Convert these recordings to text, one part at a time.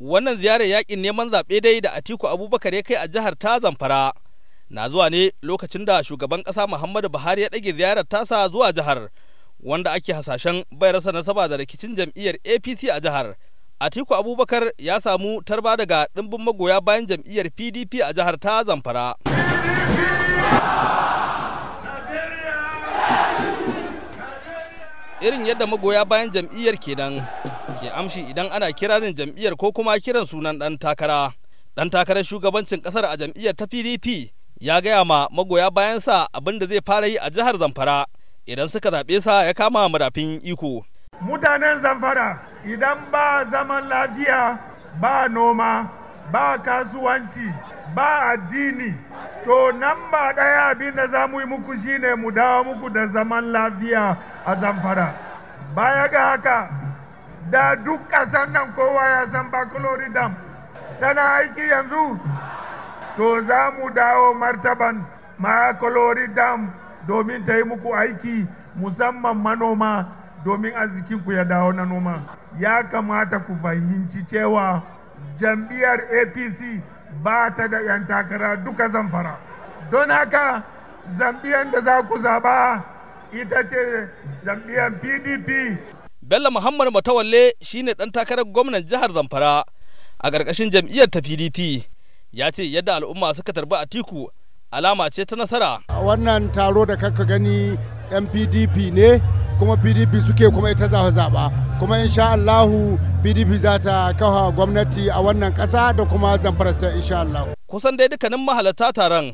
wannan ziyarar yakin neman zaɓe dai da atiku abubakar ya kai a jihar ta zamfara na zuwa ne lokacin da shugaban ƙasa muhammadu buhari ya ɗage ziyarar tasa zuwa jihar wanda ake hasashen bai rasa nasaba da rikicin jam'iyyar apc a jihar atiku abubakar ya samu tarba daga ɗimbin magoya bayan jam'iyyar pdp a jihar ta zamfara irin yadda magoya bayan jam'iyyar kenan ke amshi idan ana kiranin jam'iyyar ko kuma kiran sunan ɗan takara ɗan takarar shugabancin ƙasar a jam'iyyar ta pdp ya gaya ma magoya bayansa abin da zai fara yi a jihar zamfara idan suka zaɓe sa ya kama marafin iko mutanen zamfara idan ba zaman lafiya ba noma ba kasuwanci ba addini to nan ba ɗaya abinda za mu yi muku shine mu dawo muku da zaman lafiya a zamfara baya ga haka da duk ƙasar nan kowa ya san ba dam tana aiki yanzu to za mu dawo martaban ma dam domin ta yi muku aiki musamman manoma domin arzikinku ya dawo na noma ya kamata ku fahimci cewa jam'iyyar apc ba ta da 'yan takara duka zamfara don haka zambiyan da za ku zaba ita ce zambiyan pdp bello muhammad matawalle shine dan takarar gwamnan jihar zamfara a ƙarƙashin jam'iyyar ta pdp ya ce yadda al'umma suka tarbi atiku alama ce ta nasara wannan taro da kaka gani yan pdp ne kuma pdp suke kuma ita za zaɓa kuma insha allahu pdp za ta kawo gwamnati a wannan kasa da kuma zamfara state insha allahu kusan dai dukkanin mahalarta taron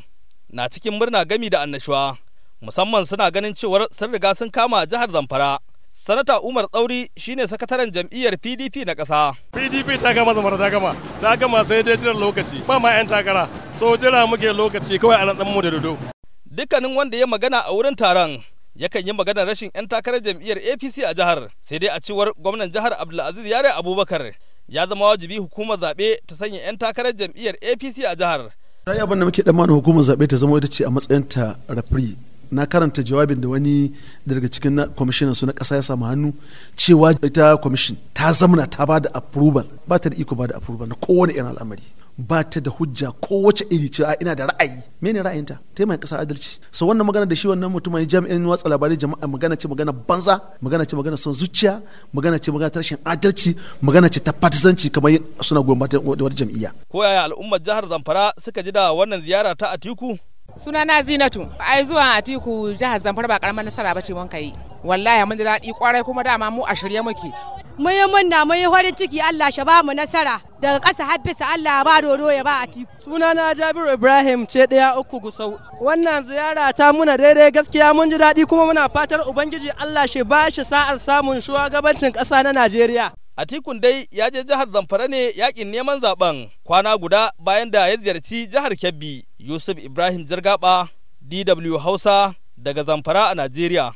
na cikin murna gami da annashuwa musamman suna ganin cewar sun riga sun kama jihar zamfara sanata umar tsauri shine sakataren jam'iyyar pdp na kasa pdp ta gama zamfara ta gama ta gama sai dai jiran lokaci ba ma 'yan takara so jira muke lokaci kawai a rantsar mu da dodo dukkanin wanda ya magana a wurin taron yakan yi maganar rashin 'yan takarar jam'iyyar apc a jihar sai dai a cewar gwamnan jihar abdulaziz yare abubakar ya zama wajibi hukumar zaɓe ta sanya 'yan takarar jam'iyyar apc a jihar. yi abin da muke tsammanin hukumar zaɓe ta zama ita ce a matsayin ta rafri na karanta jawabin da wani daga cikin kwamishinan su na ƙasa ya samu hannu cewa ita kwamishin ta zamana ta ba da approval ba ta da iko ba da approval na kowane irin al'amari ba ta da hujja kowace iri cewa ina da ra'ayi mene ra'ayinta ta mai ƙasa adalci so wannan magana da shi wannan mutum mutumin jami'in watsa labarai jama'a magana ce magana banza magana ce magana son zuciya magana ce magana rashin adalci magana ce ta fatizanci kamar suna da wata jam'iyya ko yaya al'ummar jihar zamfara suka ji da wannan ziyara ta atiku sunana zinatu ai zuwa atiku jihar zamfara ba karamar nasara ba ce wanka yi wallahi mun daɗi kwarai kuma dama mu a shirye muke mun yi munna mun yi farin ciki Allah shi ba mu nasara daga kasa har Allah ba dodo ya ba a suna sunana Jabiru Ibrahim ce ɗaya uku gusau wannan ziyara ta muna daidai gaskiya mun ji daɗi kuma muna fatar ubangiji Allah shi ba shi sa'ar samun shugabancin kasa na Najeriya Atikun dai ya je jihar Zamfara ne yakin neman zaben kwana guda bayan da ya ziyarci jihar Kebbi Yusuf Ibrahim Jirgaba DW Hausa daga Zamfara a Najeriya.